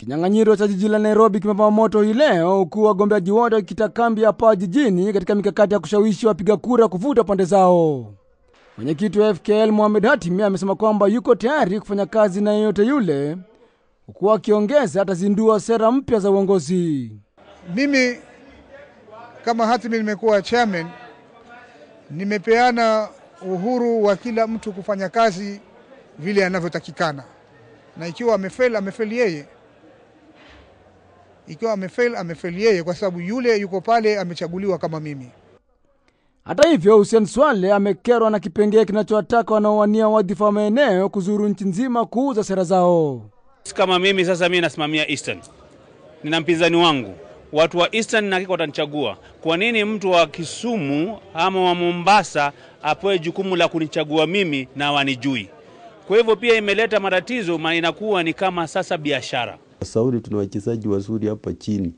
Kinyang'anyiro cha jiji la Nairobi kimepamba moto hii leo, huku wagombeaji wote wakikita kambi hapa jijini katika mikakati ya kushawishi wapiga kura kuvuta pande zao. Mwenyekiti wa FKL Mohamed Hatimi amesema kwamba yuko tayari kufanya kazi na yeyote yule, huku akiongeza atazindua sera mpya za uongozi. Mimi kama Hatimi nimekuwa chairman, nimepeana uhuru wa kila mtu kufanya kazi vile anavyotakikana, na ikiwa amefeli amefeli yeye. Ikiwa amefail, amefail yeye, kwa sababu yule yuko pale amechaguliwa kama mimi. Hata hivyo, Hussein Swale amekerwa na kipengee kinachowataka wanaowania wadhifa wa maeneo kuzuru nchi nzima kuuza sera zao. Kama mimi sasa, mimi nasimamia Eastern, nina mpinzani wangu watu wa Eastern na watanichagua. Kwa nini mtu wa Kisumu ama wa Mombasa apewe jukumu la kunichagua mimi na wanijui? Kwa hivyo pia imeleta matatizo, maana inakuwa ni kama sasa biashara. Saudi tuna wachezaji wazuri hapa chini.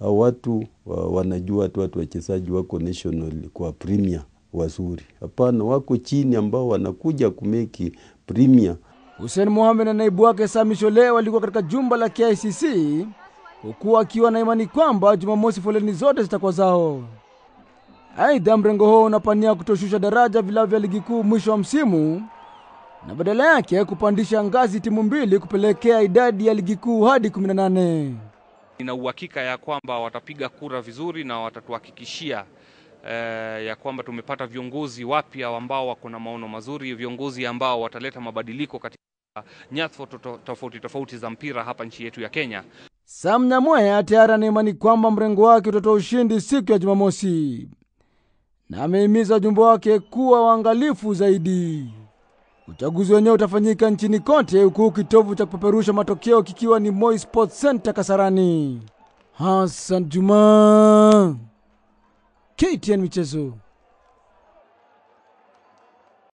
Hao watu wanajua tu watu wachezaji wako national kwa premier wazuri. Hapana, wako chini ambao wanakuja kumeki premier. Hussein Mohamed na naibu wake Sami Shole walikuwa katika jumba la KICC huku akiwa na imani kwamba Jumamosi foleni zote zitakuwa zao. Aidha, mrengo huo unapania kutoshusha daraja vilabu vya ligi kuu mwisho wa msimu na badala yake kupandisha ngazi timu mbili kupelekea idadi ya ligi kuu hadi 18. Nina uhakika ya kwamba watapiga kura vizuri na watatuhakikishia eh, ya kwamba tumepata viongozi wapya ambao wako na maono mazuri, viongozi ambao wataleta mabadiliko katika nyatfa tofauti tofauti za mpira hapa nchi yetu ya Kenya. Sam Nyamweya tayari anaimani kwamba mrengo wake utatoa ushindi siku ya Jumamosi na amehimiza wajumbe wake kuwa waangalifu zaidi. Uchaguzi wenyewe utafanyika nchini kote, huku kitovu cha kupeperusha matokeo kikiwa ni Moi Sports Center Kasarani. Hassan Juma, KTN Michezo.